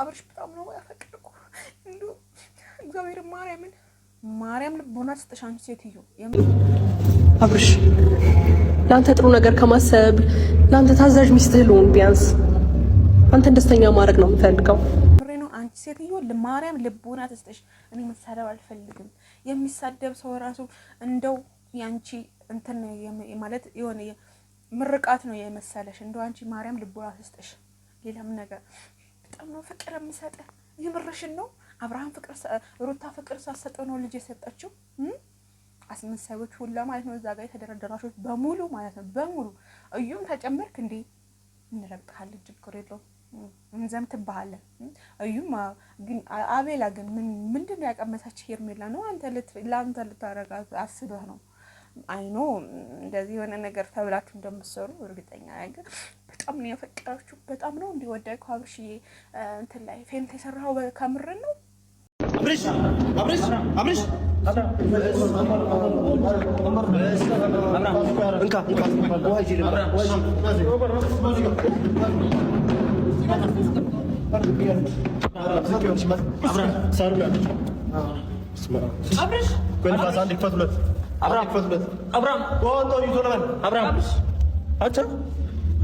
አብርሽ በጣም ነው ያፈቀርኩ። እንዶ እግዚአብሔር ማርያምን ማርያም ልቦና ስጥሽ አንቺ ሴትዮ። አብርሽ ለአንተ ጥሩ ነገር ከማሰብ ለአንተ ታዛዥ ሚስትህ ልሁን። ቢያንስ አንተን ደስተኛ ማድረግ ነው የምፈልገው። አንቺ ሴትዮ ማርያም ልቦና ትስጥሽ። እኔ መሳደብ አልፈልግም። የሚሳደብ ሰው ራሱ እንደው ያንቺ እንትን ማለት የሆነ ምርቃት ነው የመሰለሽ። እንደው አንቺ ማርያም ልቦና ትስጥሽ። ሌላም ነገር በጣም ነው ፍቅር የምሰጠ። የምርሽን ነው አብርሃም ፍቅር ሩታ ፍቅር ሳሰጠ ነው ልጅ የሰጠችው። አስመሳዮች ሁላ ማለት ነው እዛ ጋር የተደረደራሾች በሙሉ ማለት ነው በሙሉ እዩም ተጨመርክ እንዴ እንረግጥሃለን፣ ችግር የለውም እንዘምትብሃለን። እዩም ግን አቤላ ግን ምንድን ነው ሄርሜላ ነው አንተ ለአንተ ልታረጋ አስበህ ነው አይኖ እንደዚህ የሆነ ነገር ተብላችሁ እንደምትሰሩ እርግጠኛ ነገር በጣም ነው የፈቀረችው። በጣም ነው እንዲወዳይ አብርሽዬ እንትን ላይ ፌንት የሰራው ከምር ነው አብርሽ አብርሽ አብርሽ አብርሽ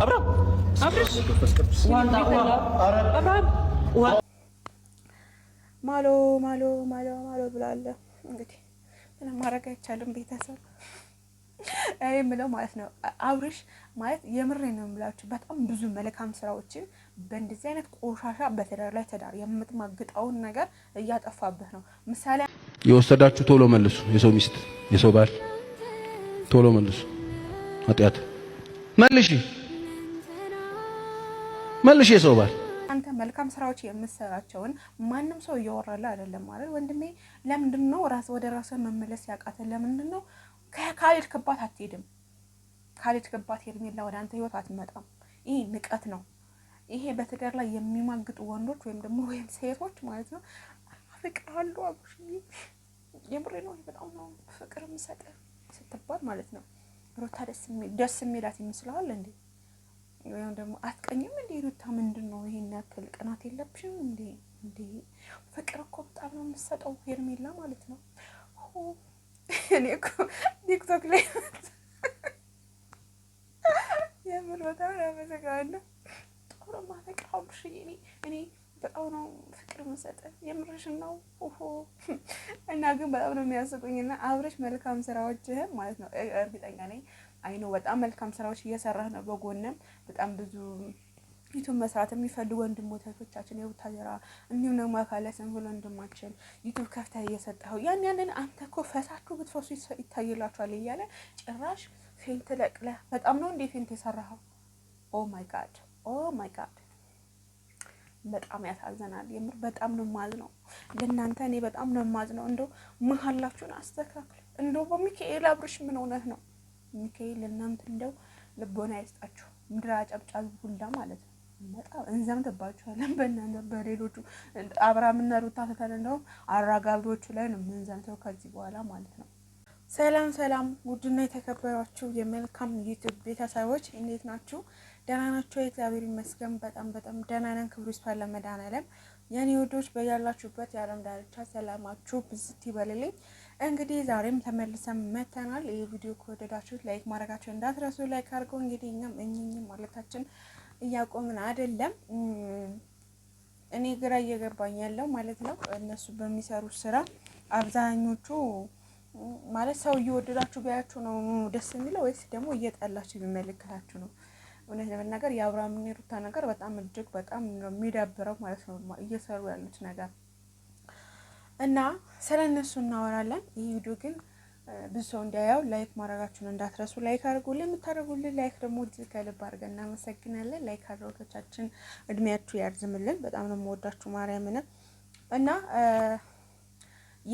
አብርሽ ማሎ ማሎ ማሎ ማሎ ብላለ። እንግዲህ ምንም ማድረግ አይቻልም። ቤተሰብ እኔ የምለው ማለት ነው አብርሽ ማለት የምሬ ነው የምላችሁ በጣም ብዙ መልካም ስራዎችን በእንደዚህ አይነት ቆሻሻ በትዳር ላይ ትዳር የምትማግጠውን ነገር እያጠፋብህ ነው። ምሳሌ የወሰዳችሁ ቶሎ መልሱ። የሰው ሚስት፣ የሰው ባል ቶሎ መልሱ። ኃጢአት መልሽ መልሽ የሰው ባል አንተ መልካም ስራዎች የምሰራቸውን ማንም ሰው እያወራለ አይደለም ማለት ወንድሜ። ለምንድን ነው ራስ ወደ ራስ መመለስ ያቃተ? ለምንድን ነው ከካሌድ ክባት አትሄድም? ካሌድ ክባት ሄርሜላ ወደ አንተ ህይወት አትመጣም። ይህ ንቀት ነው። ይሄ በትዳር ላይ የሚማግጡ ወንዶች ወይም ደግሞ ወይም ሴቶች ማለት ነው አፍቅርሃለሁ አብሽ የምሬ ነው በጣም ነው ፍቅር የምሰጥ ስትባል ማለት ነው ሮታ ደስ የሚላት ይመስልሃል እንዴ? ወይም ደግሞ አትቀኝም እንዴ ሩታ? ምንድን ነው ይሄን ያክል ቅናት የለብሽም እንዴ? እንዴ ፍቅር እኮ በጣም ነው የምትሰጠው ሄርሜላ ማለት ነው። እኔ እኮ ቲክቶክ ላይ የምር በጣም ያመሰግናለሁ። ጦር ማፈቅር አብሽ እኔ እኔ በጣም ነው ፍቅር መሰጠ የምርሽ ነው እና ግን በጣም ነው የሚያስቁኝና አብረሽ መልካም ስራዎችህም ማለት ነው እርግጠኛ ነኝ አይኖ በጣም መልካም ስራዎች እየሰራህ ነው። በጎንም በጣም ብዙ ዩቱብ መስራት የሚፈልጉ ወንድሞቻችን የቡታጀራ እንዲሁም ደግሞ አካለ ሁሉ ወንድማችን ዩቱብ ከፍተህ እየሰጠኸው ያን ያንን አንተ እኮ ፈሳችሁ ብትፈሱ ይታይላችኋል እያለ ጭራሽ ፌንት ለቅለህ በጣም ነው እንዴ ፌንት የሰራኸው? ኦ ማይ ጋድ፣ ኦ ማይ ጋድ። በጣም ያሳዘናል። የምር በጣም ነው ማዝ ነው ለእናንተ። እኔ በጣም ነው ማዝ ነው። እንደው መሀላችሁን አስተካክል። እንደው በሚካኤል አብርሽ ምን ሆነህ ነው? ሚካኤል እናንተ እንደው ልቦና አይስጣችሁ። ምድር አጨብጫቢ ሁላ ማለት ነው። በጣም እንዘምትባችኋለን በእናንተ በሌሎቹ አብርሃምና ሩታ ተተን እንደውም አራጋቢዎቹ ላይ ነው የምንዘምተው ከዚህ በኋላ ማለት ነው። ሰላም ሰላም፣ ውድና የተከበሯችሁ የመልካም ዩቲዩብ ቤተሰቦች እንዴት ናችሁ? ደህና ናችሁ? እግዚአብሔር ይመስገን በጣም በጣም ደህና ነን። ክብሩ ይስፋ ለመድኃኔዓለም። የኔ ውዶች በያላችሁበት የዓለም ዳርቻ ሰላማችሁ ብዝት ይበልልኝ። እንግዲህ ዛሬም ተመልሰን መተናል። ይህ ቪዲዮ ከወደዳችሁት ላይክ ማድረጋችሁ እንዳትረሱ። ላይክ አድርገው እንግዲህ እኛም እኝኝም ማለታችን እያቆምን አይደለም። እኔ ግራ እየገባኝ ያለው ማለት ነው እነሱ በሚሰሩ ስራ አብዛኞቹ ማለት ሰው እየወደዳችሁ ቢያችሁ ነው ደስ የሚለው ወይስ ደግሞ እየጠላችሁ የሚመለከታችሁ ነው? እውነት ለመናገር የአብርሃምና የሩታ ነገር በጣም እጅግ በጣም ነው የሚዳብረው ማለት ነው እየሰሩ ያሉት ነገር እና ስለ እነሱ እናወራለን። ይህ ቪዲዮ ግን ብዙ ሰው እንዲያየው ላይክ ማድረጋችሁን እንዳትረሱ። ላይክ አድርጉ። የምታደርጉልን ላይክ ደግሞ እጅግ ከልብ አድርገን እናመሰግናለን። ላይክ አድራጎቶቻችን እድሜያችሁ ያርዝምልን። በጣም ነው የምወዳችሁ ማርያምን እና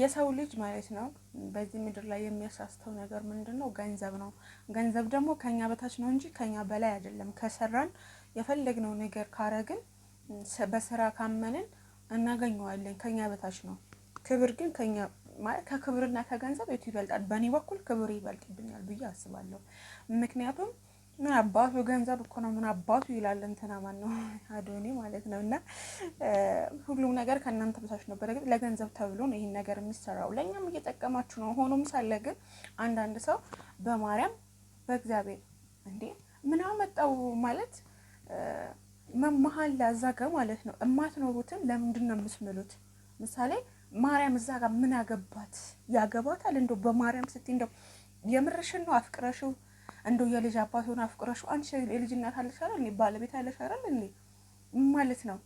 የሰው ልጅ ማለት ነው በዚህ ምድር ላይ የሚያሳስተው ነገር ምንድን ነው? ገንዘብ ነው። ገንዘብ ደግሞ ከኛ በታች ነው እንጂ ከኛ በላይ አይደለም። ከሰራን የፈለግነው ነገር ካረግን፣ በስራ ካመንን እናገኘዋለን። ከኛ በታች ነው። ክብር ግን ከኛ ማለት ከክብርና ከገንዘብ የቱ ይበልጣል? በእኔ በኩል ክብር ይበልጥብኛል ብዬ አስባለሁ። ምክንያቱም ምን አባቱ ገንዘብ እኮ ነው፣ ምን አባቱ ይላል እንትና ማን ነው አዶኔ ማለት ነው። እና ሁሉም ነገር ከእናንተ በታች ነው። በረግጥ ለገንዘብ ተብሎ ነው ይህን ነገር የሚሰራው፣ ለእኛም እየጠቀማችሁ ነው። ሆኖም ሳለ ግን አንዳንድ ሰው በማርያም በእግዚአብሔር እንዴ ምን አመጣው ማለት መመሀል ላዛገ ማለት ነው። እማትኖሩትን ለምንድን ነው የምትምሉት? ምሳሌ ማርያም እዛ ጋር ምን አገባት? ያገባታል እንደው በማርያም ስትይ እንደው የምርሽን ነው አፍቅረሽው እንደው የልጅ አባት ሆነ አፍቅረሽው አንቺ የልጅ እናት አለሽ አይደል? እኔ ባለቤት አለሽ አይደል? እኔ ማለት ነው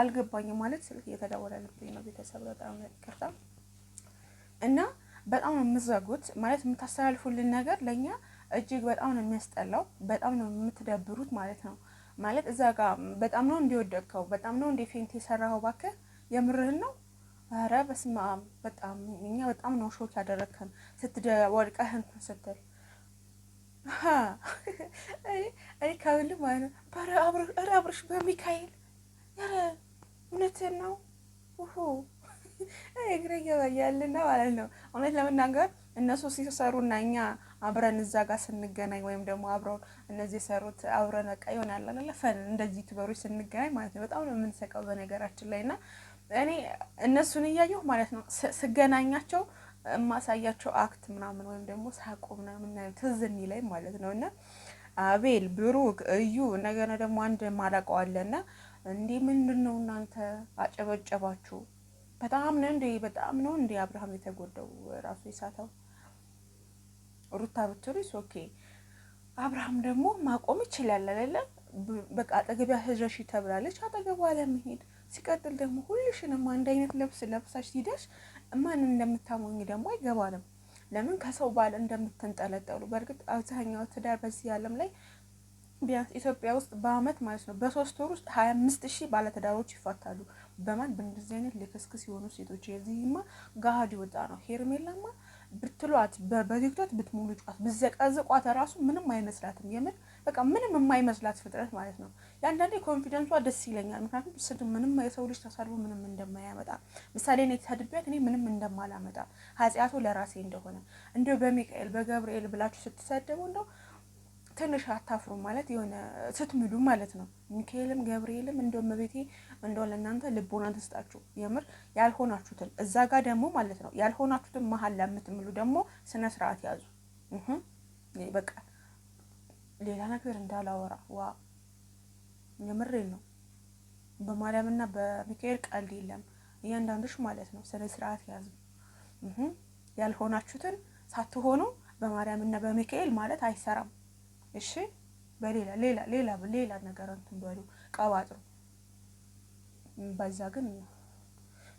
አልገባኝም። ማለት ስልክ እየተደወለልብኝ ነው። ቤተሰብ በጣም ይቅርታ እና በጣም ነው የምዘጉት ማለት የምታስተላልፉልን ነገር ለእኛ እጅግ በጣም ነው የሚያስጠላው። በጣም ነው የምትደብሩት ማለት ነው። ማለት እዛ ጋር በጣም ነው እንዲወደቅከው፣ በጣም ነው እንዲ ፌንት የሰራኸው፣ እባክህ የምርህን ነው ኧረ በስመ አብ በጣም እኛ በጣም ነው ሾክ ያደረግከን ስትወድቀህ እንትን ስትል እኔ ከብል ማለት ነው። ኧረ አብርሽ በሚካኤል ኧረ እውነትህን ነው ውሁ እግረ ገባያልና ማለት ነው። እውነት ለመናገር እነሱ ሲሰሩ እና እኛ አብረን እዛ ጋር ስንገናኝ ወይም ደግሞ አብረው እነዚህ የሰሩት አብረን በቃ ይሆናል አለ እንደዚህ ዩቱበሮች ስንገናኝ ማለት ነው በጣም ነው የምንሰቀው በነገራችን ላይ እና እኔ እነሱን እያየሁ ማለት ነው ስገናኛቸው የማሳያቸው አክት ምናምን ወይም ደግሞ ሳቁ ምናምን ትዝኒ ላይ ማለት ነው እና አቤል ብሩክ እዩ እንደገና ደግሞ አንድ ማላቀው አለ አለና እንዲህ ምንድን ነው እናንተ አጨበጨባችሁ በጣም ነው እንዴ በጣም ነው እንዴ አብርሃም የተጎዳው ራሱ የሳተው ሩታ ብትሉስ ኦኬ አብርሃም ደግሞ ማቆም ይችላል አይደለም በቃ አጠገቢያ ህረሺ ተብላለች አጠገቧ ለመሄድ ሲቀጥል ደግሞ ሁልሽንም አንድ አይነት ልብስ ለብሳሽ ሲደሽ ማን እንደምታሞኝ ደግሞ አይገባንም። ለምን ከሰው ባል እንደምትንጠለጠሉ። በእርግጥ አብዛኛው ትዳር በዚህ ዓለም ላይ ቢያንስ ኢትዮጵያ ውስጥ በአመት ማለት ነው በሶስት ወር ውስጥ ሀያ አምስት ሺህ ባለትዳሮች ይፋታሉ። በማን በእንደዚህ አይነት ልክስክስ የሆኑ ሴቶች። የዚህማ ገሀድ ይወጣ ነው። ሄርሜላማ ብትሏት በቲክቶክ ጫት ብዘቀዝቋት ራሱ ምንም አይመስላትም የምር በቃ ምንም የማይመስላት ፍጥረት ማለት ነው። የአንዳንዴ ኮንፊደንሷ ደስ ይለኛል። ምክንያቱም ስድ ምንም የሰው ልጅ ተሳድቦ ምንም እንደማያመጣ ምሳሌ ነው የተሳድቢያት እኔ ምንም እንደማላመጣ ኃጢአቱ ለራሴ እንደሆነ እንዲሁ በሚካኤል በገብርኤል ብላችሁ ስትሳደቡ እንደው ትንሽ አታፍሩ ማለት የሆነ ስትምሉ ማለት ነው። ሚካኤልም ገብርኤልም እንደው መቤቴ እንደው ለእናንተ ልቦና ትስጣችሁ። የምር ያልሆናችሁትን እዛ ጋር ደግሞ ማለት ነው ያልሆናችሁትን መሀል ለምትምሉ ደግሞ ስነ ስርዓት ያዙ። በቃ ሌላ ነገር እንዳላወራ ዋ የምሬ ነው። በማርያምና በሚካኤል ቀልድ የለም። እያንዳንዶች ማለት ነው ስነ ስርዓት ያዙ። ያልሆናችሁትን ሳትሆኑ በማርያምና በሚካኤል ማለት አይሰራም። እሺ በሌላ ሌላ ሌላ ሌላ ነገር እንትን በሉ ቀባጥሩ። በዛ ግን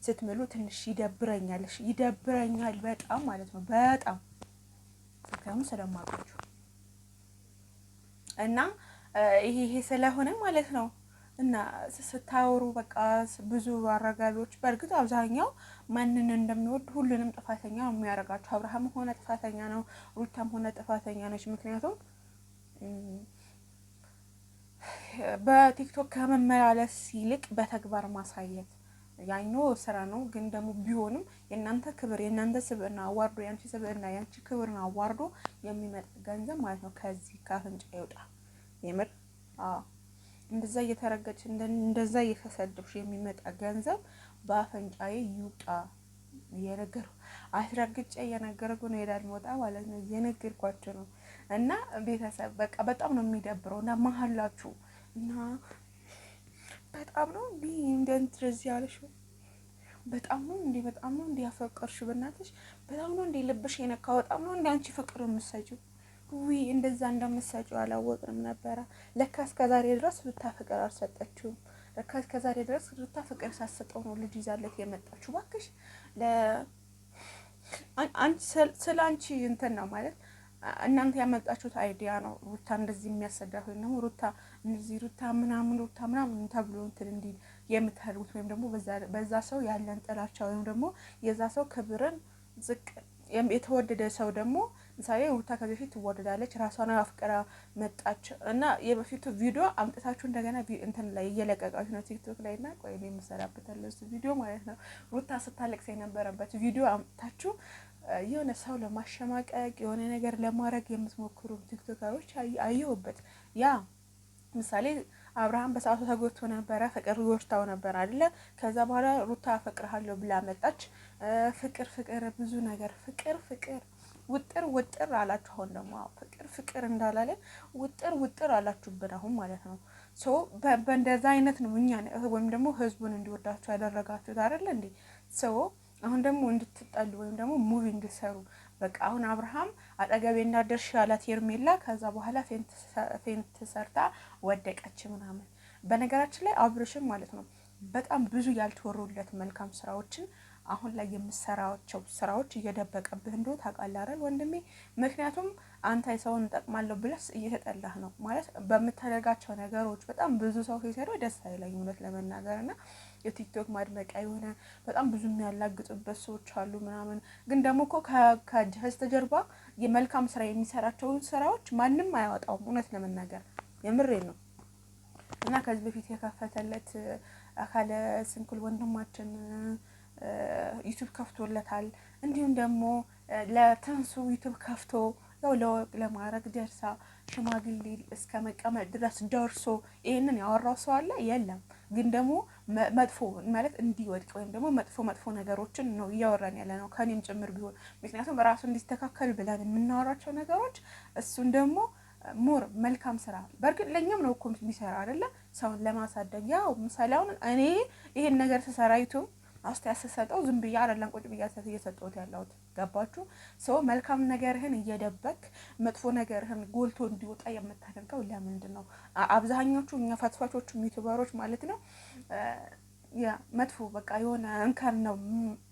ስትምሉ ትንሽ ይደብረኛል፣ ይደብረኛል በጣም ማለት ነው በጣም ምክንያቱም ስለማውቃችሁ እና ይሄ ይሄ ስለሆነ ማለት ነው እና ስታወሩ በቃ ብዙ አረጋቢዎች በእርግጥ አብዛኛው ማንን እንደሚወድ ሁሉንም ጥፋተኛ ነው የሚያደርጋቸው። አብርሃም ሆነ ጥፋተኛ ነው፣ ሩታም ሆነ ጥፋተኛ ነች። ምክንያቱም በቲክቶክ ከመመላለስ ይልቅ በተግባር ማሳየት ያይኖ ስራ ነው፣ ግን ደግሞ ቢሆንም የእናንተ ክብር የእናንተ ስብዕና አዋርዶ የአንቺ ስብዕና የአንቺ ክብርን አዋርዶ የሚመጣ ገንዘብ ማለት ነው ከዚህ ከአፍንጫ ይውጣ። የምር እንደዛ እየተረገጭ እንደዛ እየተሰደብሽ የሚመጣ ገንዘብ በአፍንጫዬ ይውጣ። የነገር አስረግጬ እየነገርኩ ነው። ሄዳል ሞጣ ማለት ነው እየነገርኳቸው ነው። እና ቤተሰብ በቃ በጣም ነው የሚደብረው እና መሀላችሁ እና በጣም ነው እንዲ እንደንትረዚ ያለሽው በጣም ነው እንዲ በጣም ነው እንዲ ያፈቀርሽው በእናትሽ በጣም ነው እንዲ ልብሽ የነካው በጣም ነው እንዲ አንቺ ፍቅር የምትሰጪው ዊ እንደዛ እንደምትሰጪው አላወቅንም ነበረ ለካ እስከ ዛሬ ድረስ ሩታ ፍቅር አልሰጠችውም ለካ እስከ ዛሬ ድረስ ሩታ ፍቅር ሳሰጠው ነው ልጅ ይዛለት የመጣችሁ እባክሽ ለ ስለ አንቺ እንትን ነው ማለት እናንተ ያመጣችሁት አይዲያ ነው ሩታ እንደዚህ የሚያሰዳት ወይም ደግሞ ሩታ እነዚህ ሩታ ምናምን ሩታ ምናምን ተብሎ እንትን እንዲል የምታደርጉት ወይም ደግሞ በዛ ሰው ያለን ጥላቻ ወይም ደግሞ የዛ ሰው ክብርን ዝቅ የተወደደ ሰው ደግሞ ምሳሌ ሩታ ከዚህ በፊት ትወደዳለች፣ ራሷን አፍቅራ መጣች እና የበፊቱ ቪዲዮ አምጥታችሁ እንደገና እንትን ላይ እየለቀቃችሁ ነው ቲክቶክ ላይ እና ቆይ እኔ የምሰራበታለሁ እሱ ቪዲዮ ማለት ነው። ሩታ ስታለቅስ የነበረበት ቪዲዮ አምጥታችሁ የሆነ ሰው ለማሸማቀቅ የሆነ ነገር ለማድረግ የምትሞክሩ ቲክቶከሮች አየሁበት ያ ምሳሌ አብርሃም በሰዓቱ ተጎድቶ ነበረ፣ ፍቅር ጎድታው ነበር አይደለ? ከዛ በኋላ ሩታ አፈቅርሃለሁ ብላ መጣች። ፍቅር ፍቅር ብዙ ነገር ፍቅር ፍቅር ውጥር ውጥር አላችሁ። አሁን ደግሞ ፍቅር ፍቅር እንዳላለ ውጥር ውጥር አላችሁብን አሁን ማለት ነው። ሶ በእንደዛ አይነት ነው እኛ ወይም ደግሞ ህዝቡን እንዲወዳችሁ ያደረጋችሁት አይደለ እንዴ? ሰው አሁን ደግሞ እንድትጣሉ ወይም ደግሞ ሙቪ እንድሰሩ በቃ አሁን አብርሃም አጠገቤ እንዳደርሽ ያላት ሄርሜላ ከዛ በኋላ ፌንት ሰርታ ወደቀች ምናምን። በነገራችን ላይ አብርሽም ማለት ነው በጣም ብዙ ያልተወሩለት መልካም ስራዎችን አሁን ላይ የምሰራቸው ስራዎች እየደበቀብህ እንደሆነ ታቃላረል ወንድሜ? ምክንያቱም አንተ ሰውን እጠቅማለሁ ብለስ እየተጠላህ ነው ማለት በምታደርጋቸው ነገሮች በጣም ብዙ ሰው ሲሰሩ ደስ አይለኝ እውነት ለመናገር እና የቲክቶክ ማድመቂያ የሆነ በጣም ብዙ የሚያላግጡበት ሰዎች አሉ ምናምን። ግን ደግሞ እኮ ከበስተጀርባ የመልካም ስራ የሚሰራቸውን ስራዎች ማንም አያወጣውም። እውነት ለመናገር የምሬ ነው። እና ከዚህ በፊት የከፈተለት አካለ ስንኩል ወንድማችን ዩቱብ ከፍቶለታል። እንዲሁም ደግሞ ለተንሱ ዩቱብ ከፍቶ ያው ለወቅ ለማድረግ ደርሳ ሽማግሌ እስከ መቀመጥ ድረስ ደርሶ ይህንን ያወራው ሰው አለ የለም? ግን ደግሞ መጥፎ ማለት እንዲወድቅ ወይም ደግሞ መጥፎ መጥፎ ነገሮችን ነው እያወራን ያለ ነው ከኔም ጭምር ቢሆን ምክንያቱም ራሱ እንዲስተካከል ብለን የምናወራቸው ነገሮች እሱን ደግሞ ሞር መልካም ስራ በእርግጥ ለእኛም ነው እኮ የሚሰራ አይደለ ሰውን ለማሳደግ ያው ምሳሌ አሁን እኔ ይሄን ነገር ስሰራ ዩቱብ አስተያየት ስሰጠው ዝም ብዬ አይደለም ቁጭ ብዬ እየሰጠሁት ያለሁት ገባችሁ ሰው መልካም ነገርህን እየደበክ መጥፎ ነገርህን ጎልቶ እንዲወጣ የምታደርገው ለምንድን ነው? አብዛኞቹ እኛ ፈትፋቾቹ ዩቱበሮች ማለት ነው መጥፎ በቃ የሆነ እንከን ነው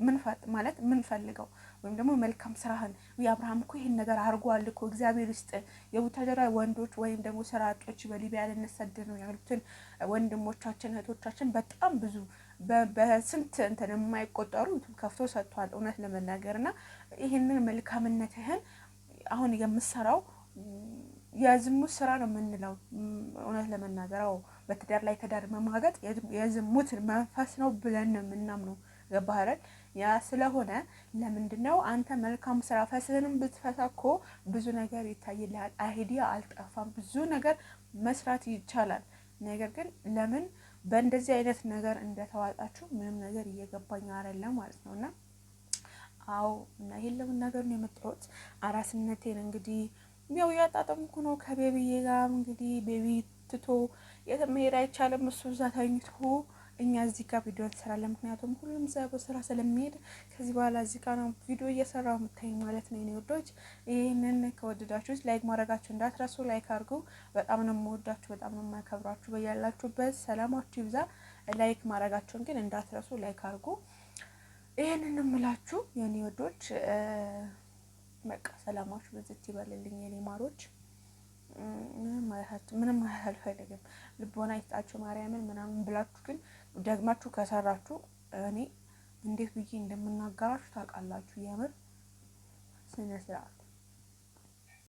ምንፈጥ ማለት ምንፈልገው ወይም ደግሞ መልካም ስራህን አብርሃም እኮ ይህን ነገር አድርጓል እኮ እግዚአብሔር ውስጥ የቡታጀራ ወንዶች ወይም ደግሞ ስራ አጦች በሊቢያ ልንሰድ ነው ያሉትን ወንድሞቻችን እህቶቻችን በጣም ብዙ በስንት እንትን የማይቆጠሩ ዩቱብ ከፍቶ ሰጥቷል። እውነት ለመናገር እና ይህንን መልካምነትህን አሁን የምሰራው የዝሙት ስራ ነው የምንለው። እውነት ለመናገር በትዳር ላይ ትዳር መማገጥ የዝሙት መንፈስ ነው ብለን ነው የምናምነው። ገባህ ያ ስለሆነ ለምንድን ነው አንተ መልካም ስራ ፈስህንም ብትፈታ እኮ ብዙ ነገር ይታይልሃል። አይዲያ አልጠፋም፣ ብዙ ነገር መስራት ይቻላል። ነገር ግን ለምን በእንደዚህ አይነት ነገር እንደተዋጣችሁ ምንም ነገር እየገባኝ አይደለም ማለት ነው እና አዎ እና ይሄን ነገር ነው የመጣሁት። አራስነቴን እንግዲህ ያው ያጣጠምኩ ነው ከቤቢዬ ጋር እንግዲህ ቤቢ ትቶ የት መሄድ አይቻልም። እሱ እዛ ተኝቶ እኛ እዚህ ጋር ቪዲዮ እንሰራለን። ምክንያቱም ሁሉም እዛ በስራ ስለሚሄድ ከዚህ በኋላ እዚህ ጋር ነው ቪዲዮ እየሰራው የምታይ ማለት ነው። የኔ ወዶች ይህንን ከወደዳችሁ ላይክ ማድረጋችሁ እንዳትረሱ። ላይክ አድርጉ። በጣም ነው የምወዳችሁ፣ በጣም ነው የማከብራችሁ። በያላችሁበት ሰላማችሁ ይብዛ። ላይክ ማድረጋችሁን ግን እንዳትረሱ። ላይክ አድርጉ። ይህንን እምላችሁ የኔ ወዶች በቃ ሰላማችሁ ብዝት ይበልልኝ የኔ ማሮች። ምንም ማለት አልፈልግም። ልቦና ይስጣቸው ማርያምን ምናምን ብላችሁ ግን ደግማችሁ ከሰራችሁ እኔ እንዴት ብዬ እንደምናገራችሁ ታውቃላችሁ። የምር ስነ ስርዓት